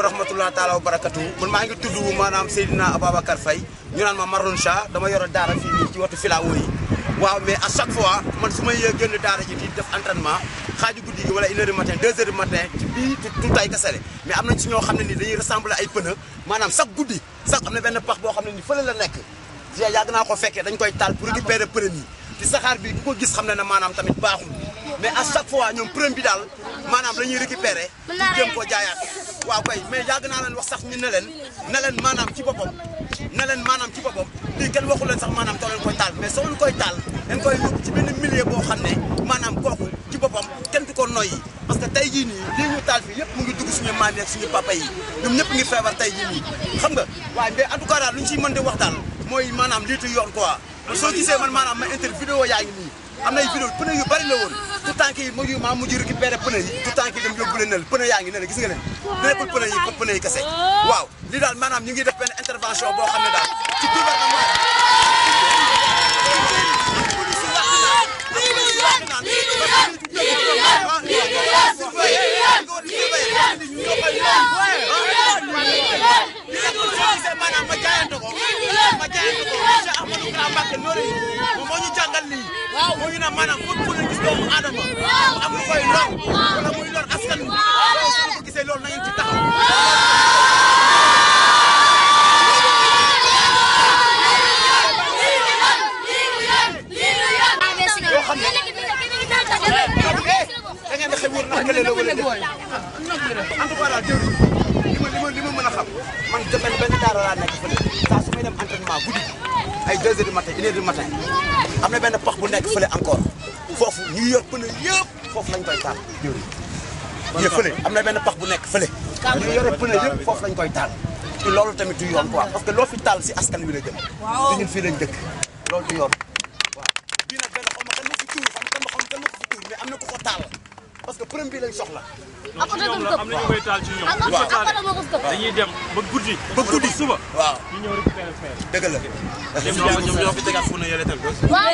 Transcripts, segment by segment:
aleykum wa rahmatullah taala wa barakatu man maa ngi tudd maanaam Seydina Ababacar Faye ñu naan ma Maroon Cha dama yoro daara fii nii ci watu filao yi waaw mais à chaque fois man su may génn daara ji di def entraînement xaaju guddi gi wala une heure du matin deux heures du matin kasare mais am nañ ci ñoo xam ne ni dañuy ressembler ay pneu maanaam chaque guddi sax am na benn pax boo xam ne ni fële la nekk yàgg naa ko fekkee dañ koy taal pour récupérer pneu yi ne maanaam tamit baaxul mais à chaque fois ñoom preuve bi daal maanaam la ñuy récupérer pour jéem koo jaayaat waaw kay mais yàgg naa leen wax sax ñu ne leen ne leen maanaam ci boppam ne leen maanaam ci boppam lii kenn waxu leen sax maanaam too koy taal mais soo leen koy taal dañ koy yóbbu ci benn milieu boo xam ne maanaam kooku ci boppam kenn du ko noyyi parce que tey jii nii lii ñu taal fii yëpp mu ngi dugg suñu maam yi ak suñu papa yi ñoom ñëpp ngi feebar tey jii xam nga waaye mais en tout mooy maanaam liitu yoon maanaam ma inter vidéo yaa am nay vidéo pneu yu bari la woon tout tànk yi mujj maa mujj récupéré pneu yi tout tànk yi dem yóbbu leen nel pneu yaa ngi ne gis nga leen nekkul pneu yi pneu yi kese waaw li daal maanaam ñu ngi def benn intervention boo xam ne daal ci gouvernement ma jaayante ko ma jaayante ko monsieur Amadou Kara Mbacké loolu moo ñu jàngal lii waaw mu ngi ne maanaam foofu fu ñu gis doomu aadama am lu koy lor wala muy lor askan wi su ko gisee loolu nañu ci taxaw eh, eh, da ngeen di xëy wër nag kële la wala en tout cas daal jërëjëf semaine benn daara laa nekk fële saa su may dem entraînement guddi ay 2 heures du matin 1 heure matin am na benn pax bu nekk fële encore foofu ñu yor pëne yëpp foofu lañ koy taal. yëpp fële am na benn pax bu nekk fële. ñu yore pëne yëpp foofu lañ koy taal. te loolu tamit du yoon quoi parce que loo fi taal si askan wi la jëm. te ñun fii dëkk loolu du yoon. waaw bii nag benn xaw ma kan ma fi xam kan ma xam kan ma ko fi tuur mais am na ku ko taal. que përëm bi lañ soxla. am na ñoom la am na ñu koy taal ci ñoom. waaw dañuy dem ba guddi. ba guddi suba. waaw ñu ñëw rek fayal fayal. dëgg la. ñoom ñoom ñoo fi tegaat fu ne yële tamit. waaw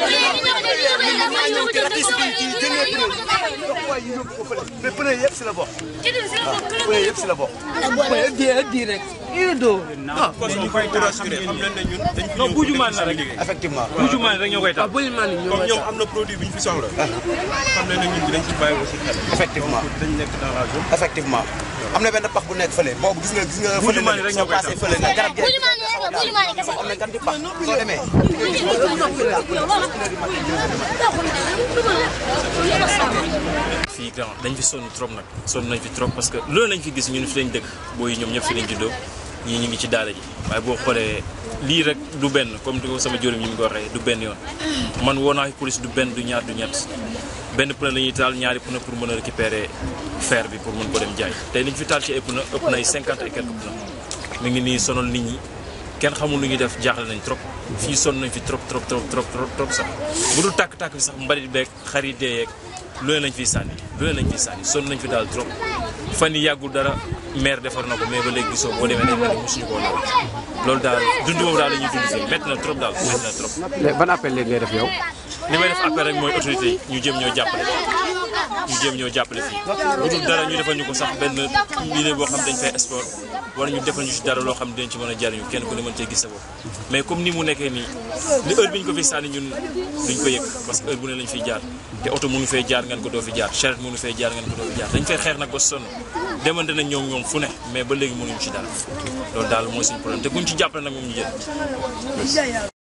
waaye ñu yóbbu ko fële mais pneu yëpp si la bokk. waaw pneu yëpp si la bokk. Ido ah. dañu koy taal xam nañ ne ñun dañ fi ñëw pour def ci liggéey effectivement bujumaan rek ñoo koy taal waaw bujumaan ñoo koy taal comme ñoom am na produit bu ñu fi soxla. xam nañ ne ñun dinañ ci bàyyi aussi xel. effectivement donc dañ nekk dans la zone. effectivement am na benn pax bu nekk fële boobu gis nga gis nga. bujumaan rek ñoo koy taal fële nga garab gi am na gan di pax soo demee. fii grand dañ fi sonn trop nag sonn nañ fi trop parce que loolu lañ fi gis ñun fi lañ dëkk booy ñoom ñëpp fi lañ juddoo ñii ñu ngi ci daara ji waaye boo xoolee lii rek du benn comme ko sama jëriñ ñu ngi ko waxee du benn yoon man woo naa police du benn du ñaar du ñett benn pneu la ñuy taal ñaari pneu pour mën a récupérer feer bi pour mën ko dem jaay te li ñu fi taal ci ay pneu ëpp na ay cinquante et quelques mi ngi nii sonal nit ñi kenn xamul lu ñuy def jaaxle nañ trop fii sonn nañ fi trop trop trop trop trop trop sax bu dul tàkk-tàkk bi sax mbalit beeg xar yi dee yeeg lu ne lañ fiy sànni lu ne lañ fiy sànni sonn nañ fi daal trop fan yi maire defar na ko mais ba léegi gisoo boo demee dañu ne mosuñu koo laal daal dund boobu daal la ñuy dund fii métti na trop daal métti na trop. ban appel léegi ngay def yow. li may def appel rek mooy autorité ñu jëm ñoo jàppale. ñu jéem ñoo jàppale fii bu dul dara ñu defal ko sax benn boo xam dañ fay sport wala ñu defal ñu ci dara loo xam dañ ci mën a jariñu kenn ku ne mën cee gis sa ni mu nekkee nii li ko fi sànni ñun duñ ko yëg parce que heure bu jaar te oto mënu fee jaar ngeen ko doo fi jaar charrette mënu fay jaar ngeen ko doo fi jaar dañ fay xeex nag ba sonn demante nañ ñoom ñoom fu ne mais ba léegi mënuñu ci dara loolu daal mooy suñu problème te kuñ ci jàppale nag moom ñu jël